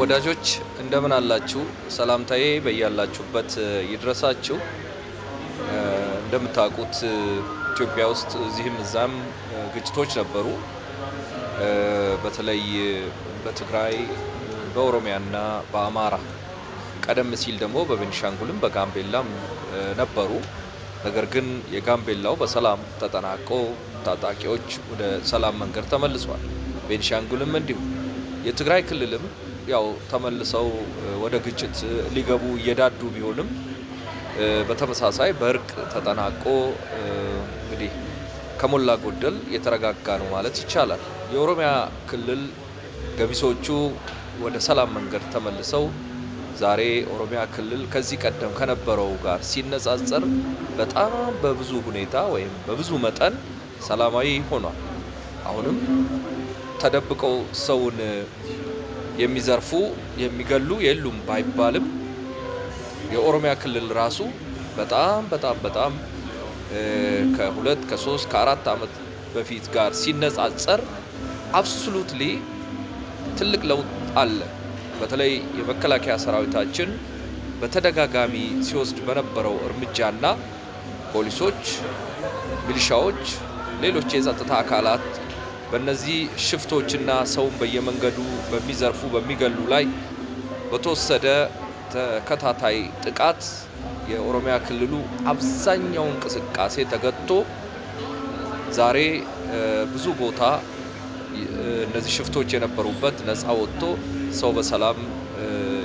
ወዳጆች እንደምን አላችሁ? ሰላምታዬ በያላችሁበት ይድረሳችሁ። እንደምታውቁት ኢትዮጵያ ውስጥ እዚህም እዛም ግጭቶች ነበሩ። በተለይ በትግራይ በኦሮሚያና በአማራ ቀደም ሲል ደግሞ በቤኒሻንጉልም በጋምቤላም ነበሩ። ነገር ግን የጋምቤላው በሰላም ተጠናቆ ታጣቂዎች ወደ ሰላም መንገድ ተመልሷል። ቤኒሻንጉልም እንዲሁ የትግራይ ክልልም ያው ተመልሰው ወደ ግጭት ሊገቡ እየዳዱ ቢሆንም በተመሳሳይ በእርቅ ተጠናቆ እንግዲህ ከሞላ ጎደል የተረጋጋ ነው ማለት ይቻላል። የኦሮሚያ ክልል ገሚሶቹ ወደ ሰላም መንገድ ተመልሰው ዛሬ ኦሮሚያ ክልል ከዚህ ቀደም ከነበረው ጋር ሲነጻጸር በጣም በብዙ ሁኔታ ወይም በብዙ መጠን ሰላማዊ ሆኗል። አሁንም ተደብቀው ሰውን የሚዘርፉ የሚገሉ የሉም ባይባልም የኦሮሚያ ክልል ራሱ በጣም በጣም በጣም ከሁለት ከሶስት ከአራት ዓመት በፊት ጋር ሲነጻጸር አብሶሉትሊ ትልቅ ለውጥ አለ። በተለይ የመከላከያ ሰራዊታችን በተደጋጋሚ ሲወስድ በነበረው እርምጃና ፖሊሶች፣ ሚሊሻዎች፣ ሌሎች የጸጥታ አካላት በእነዚህ ሽፍቶችና ሰውን በየመንገዱ በሚዘርፉ በሚገሉ ላይ በተወሰደ ተከታታይ ጥቃት የኦሮሚያ ክልሉ አብዛኛው እንቅስቃሴ ተገጥቶ ዛሬ ብዙ ቦታ እነዚህ ሽፍቶች የነበሩበት ነፃ ወጥቶ ሰው በሰላም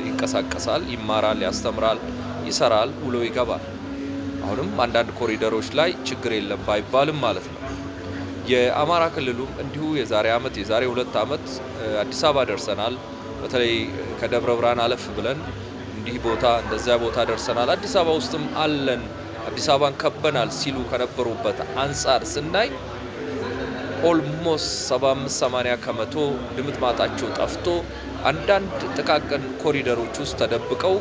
ይንቀሳቀሳል፣ ይማራል፣ ያስተምራል፣ ይሰራል፣ ውሎ ይገባል። አሁንም አንዳንድ ኮሪደሮች ላይ ችግር የለም ባይባልም ማለት ነው። የአማራ ክልሉም እንዲሁ የዛሬ ዓመት የዛሬ ሁለት ዓመት አዲስ አበባ ደርሰናል። በተለይ ከደብረ ብርሃን አለፍ ብለን እንዲህ ቦታ እንደዚያ ቦታ ደርሰናል፣ አዲስ አበባ ውስጥም አለን፣ አዲስ አበባን ከበናል ሲሉ ከነበሩበት አንጻር ስናይ ኦልሞስት 75 80 ከመቶ ድምጥ ማጣቸው ጠፍቶ አንዳንድ ጥቃቅን ኮሪደሮች ውስጥ ተደብቀው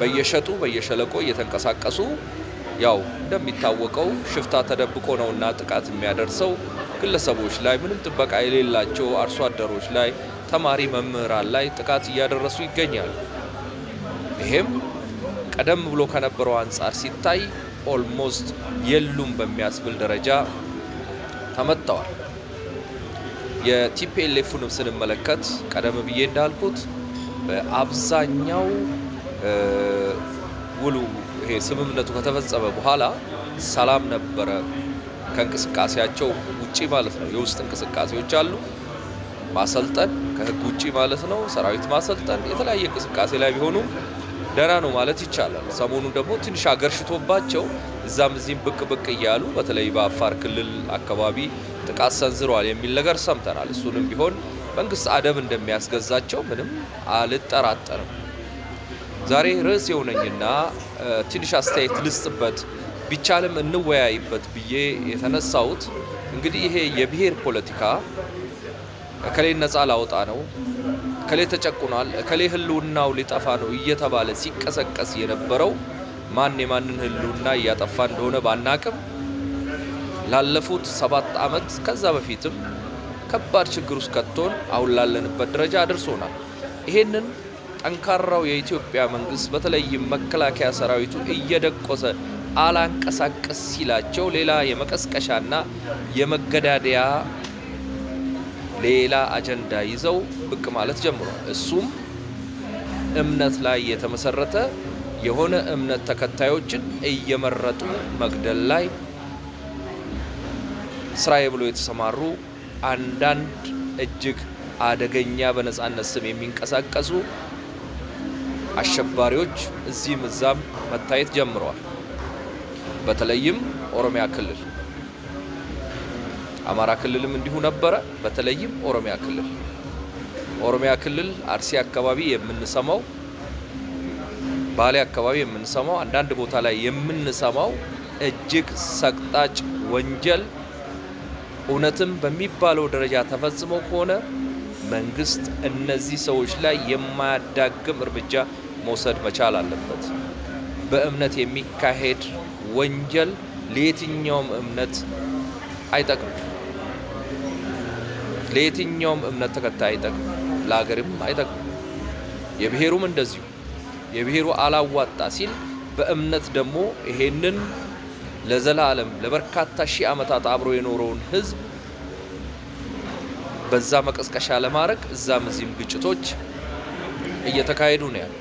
በየሸጡ በየሸለቆ እየተንቀሳቀሱ ያው እንደሚታወቀው ሽፍታ ተደብቆ ነውና ጥቃት የሚያደርሰው ግለሰቦች ላይ ምንም ጥበቃ የሌላቸው አርሶ አደሮች ላይ፣ ተማሪ መምህራን ላይ ጥቃት እያደረሱ ይገኛሉ። ይሄም ቀደም ብሎ ከነበረው አንጻር ሲታይ ኦልሞስት የሉም በሚያስብል ደረጃ ተመጥተዋል። የቲፒኤልኤፍንም ስንመለከት ቀደም ብዬ እንዳልኩት በአብዛኛው ውሉ ይሄ ስምምነቱ ከተፈጸመ በኋላ ሰላም ነበረ። ከእንቅስቃሴያቸው ውጪ ማለት ነው። የውስጥ እንቅስቃሴዎች አሉ። ማሰልጠን ከህግ ውጪ ማለት ነው። ሰራዊት ማሰልጠን የተለያየ እንቅስቃሴ ላይ ቢሆኑም ደህና ነው ማለት ይቻላል። ሰሞኑን ደግሞ ትንሽ አገርሽቶባቸው እዛም እዚህም ብቅ ብቅ እያሉ በተለይ በአፋር ክልል አካባቢ ጥቃት ሰንዝረዋል የሚል ነገር ሰምተናል። እሱንም ቢሆን መንግስት አደብ እንደሚያስገዛቸው ምንም አልጠራጠርም። ዛሬ ርዕስ የሆነኝና ትንሽ አስተያየት ልስጥበት ቢቻልም እንወያይበት ብዬ የተነሳሁት እንግዲህ ይሄ የብሔር ፖለቲካ እከሌ ነጻ ላውጣ ነው፣ እከሌ ተጨቁኗል፣ እከሌ ህልውናው ሊጠፋ ነው እየተባለ ሲቀሰቀስ የነበረው ማን የማንን ህልውና እያጠፋ እንደሆነ ባናቅም ላለፉት ሰባት ዓመት ከዛ በፊትም ከባድ ችግር ውስጥ ከቶን አሁን ላለንበት ደረጃ አድርሶናል። ይሄንን ጠንካራው የኢትዮጵያ መንግስት በተለይም መከላከያ ሰራዊቱ እየደቆሰ አላንቀሳቀስ ሲላቸው ሌላ የመቀስቀሻና የመገዳደያ ሌላ አጀንዳ ይዘው ብቅ ማለት ጀምሯል። እሱም እምነት ላይ የተመሰረተ የሆነ እምነት ተከታዮችን እየመረጡ መግደል ላይ ስራዬ ብሎ የተሰማሩ አንዳንድ እጅግ አደገኛ በነጻነት ስም የሚንቀሳቀሱ አሸባሪዎች እዚህም እዛም መታየት ጀምረዋል። በተለይም ኦሮሚያ ክልል፣ አማራ ክልልም እንዲሁ ነበረ። በተለይም ኦሮሚያ ክልል ኦሮሚያ ክልል አርሲ አካባቢ የምንሰማው ባሌ አካባቢ የምንሰማው አንዳንድ ቦታ ላይ የምንሰማው እጅግ ሰቅጣጭ ወንጀል እውነትም በሚባለው ደረጃ ተፈጽሞ ከሆነ መንግስት እነዚህ ሰዎች ላይ የማያዳግም እርምጃ መውሰድ መቻል አለበት። በእምነት የሚካሄድ ወንጀል ለየትኛውም እምነት አይጠቅም፣ ለየትኛውም እምነት ተከታይ አይጠቅም፣ ለሀገርም አይጠቅም። የብሔሩም እንደዚሁ የብሔሩ አላዋጣ ሲል በእምነት ደግሞ ይሄንን ለዘላለም ለበርካታ ሺህ ዓመታት አብሮ የኖረውን ህዝብ በዛ መቀስቀሻ ለማድረግ እዛም እዚህም ግጭቶች እየተካሄዱ ነው ያሉ።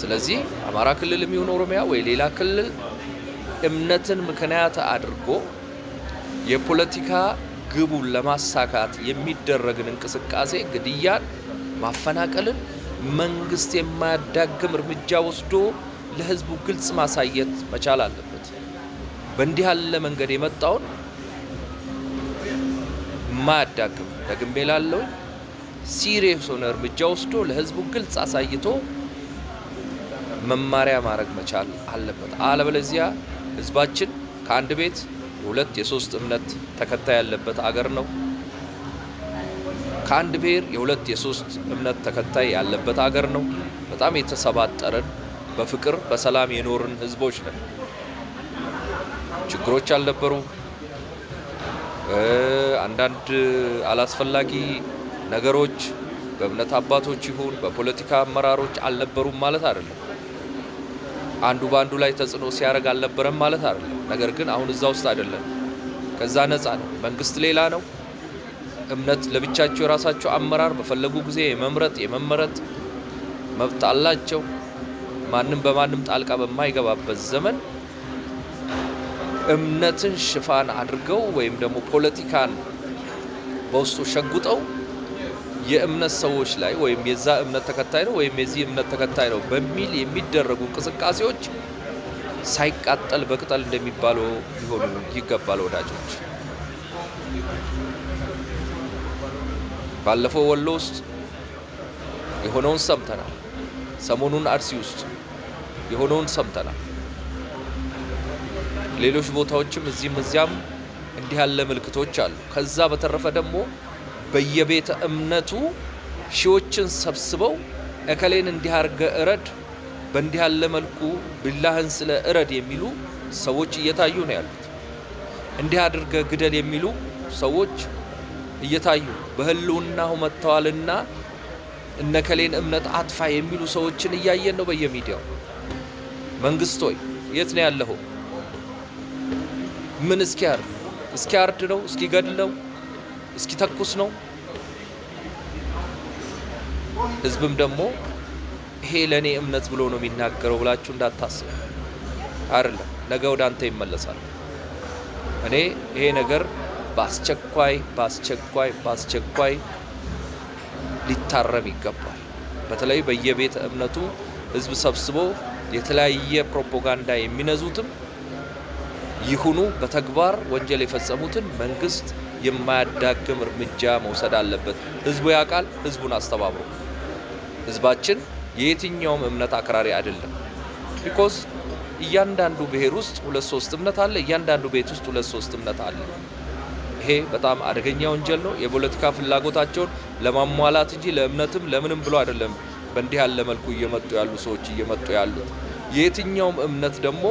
ስለዚህ አማራ ክልል የሚሆን ኦሮሚያ ወይ ሌላ ክልል እምነትን ምክንያት አድርጎ የፖለቲካ ግቡን ለማሳካት የሚደረግን እንቅስቃሴ ግድያን፣ ማፈናቀልን መንግስት የማያዳግም እርምጃ ወስዶ ለህዝቡ ግልጽ ማሳየት መቻል አለበት። በእንዲህ ያለ መንገድ የመጣውን የማያዳግም ደግሜ ሲሪየስ ሆነ እርምጃ ወስዶ ለህዝቡ ግልጽ አሳይቶ መማሪያ ማድረግ መቻል አለበት። አለበለዚያ ህዝባችን ከአንድ ቤት ሁለት የሶስት እምነት ተከታይ ያለበት አገር ነው። ከአንድ ብሔር የሁለት የሶስት እምነት ተከታይ ያለበት አገር ነው። በጣም የተሰባጠረን በፍቅር በሰላም የኖርን ህዝቦች ነን። ችግሮች አልነበሩ አንዳንድ አላስፈላጊ ነገሮች በእምነት አባቶች ይሁን በፖለቲካ አመራሮች አልነበሩም ማለት አይደለም። አንዱ በአንዱ ላይ ተጽዕኖ ሲያደርግ አልነበረም ማለት አይደለም። ነገር ግን አሁን እዛ ውስጥ አይደለም፣ ከዛ ነፃ ነው። መንግስት ሌላ ነው፣ እምነት ለብቻቸው የራሳቸው አመራር በፈለጉ ጊዜ የመምረጥ የመመረጥ መብት አላቸው። ማንም በማንም ጣልቃ በማይገባበት ዘመን እምነትን ሽፋን አድርገው ወይም ደግሞ ፖለቲካን በውስጡ ሸጉጠው የእምነት ሰዎች ላይ ወይም የዛ እምነት ተከታይ ነው ወይም የዚህ እምነት ተከታይ ነው በሚል የሚደረጉ እንቅስቃሴዎች ሳይቃጠል በቅጠል እንደሚባለው ሊሆኑ ይገባል። ወዳጆች፣ ባለፈው ወሎ ውስጥ የሆነውን ሰምተናል። ሰሞኑን አርሲ ውስጥ የሆነውን ሰምተናል። ሌሎች ቦታዎችም እዚህም እዚያም እንዲህ ያለ ምልክቶች አሉ። ከዛ በተረፈ ደግሞ በየቤተ እምነቱ ሺዎችን ሰብስበው እከሌን እንዲህ አርገ እረድ፣ በእንዲህ ያለ መልኩ ቢላህን ስለ እረድ የሚሉ ሰዎች እየታዩ ነው ያሉት። እንዲህ አድርገ ግደል የሚሉ ሰዎች እየታዩ በህልውናው መጥተዋልና እነከሌን እምነት አጥፋ የሚሉ ሰዎችን እያየን ነው በየሚዲያው። መንግስት ሆይ የት ነው ያለኸው? ምን እስኪያርድ እስኪያርድ ነው? እስኪገድለው እስኪተኩስ ነው? ህዝብም ደግሞ ይሄ ለእኔ እምነት ብሎ ነው የሚናገረው ብላችሁ እንዳታስብ አይደለም። ነገ ወደ አንተ ይመለሳል። እኔ ይሄ ነገር በአስቸኳይ በአስቸኳይ በአስቸኳይ ሊታረም ይገባል። በተለይ በየቤተ እምነቱ ህዝብ ሰብስቦ የተለያየ ፕሮፓጋንዳ የሚነዙትም ይሁኑ በተግባር ወንጀል የፈጸሙትን መንግስት የማያዳግም እርምጃ መውሰድ አለበት። ህዝቡ ያውቃል። ህዝቡን አስተባብሮ ህዝባችን የየትኛውም እምነት አክራሪ አይደለም። ቢኮዝ እያንዳንዱ ብሔር ውስጥ ሁለት ሶስት እምነት አለ። እያንዳንዱ ቤት ውስጥ ሁለት ሶስት እምነት አለ። ይሄ በጣም አደገኛ ወንጀል ነው። የፖለቲካ ፍላጎታቸውን ለማሟላት እንጂ ለእምነትም ለምንም ብሎ አይደለም። በእንዲህ ያለ መልኩ እየመጡ ያሉ ሰዎች እየመጡ ያሉት የየትኛውም እምነት ደግሞ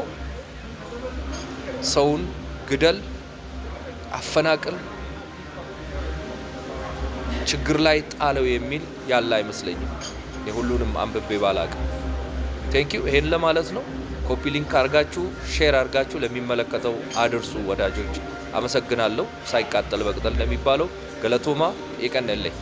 ሰውን ግደል፣ አፈናቅል፣ ችግር ላይ ጣለው የሚል ያለ አይመስለኝም። የሁሉንም አንብቤ ባላቅም ቴንኪዩ። ይሄን ለማለት ነው። ኮፒ ሊንክ አርጋችሁ ሼር አርጋችሁ ለሚመለከተው አድርሱ ወዳጆች። አመሰግናለሁ። ሳይቃጠል በቅጠል እንደሚባለው ገለቶማ የቀነለኝ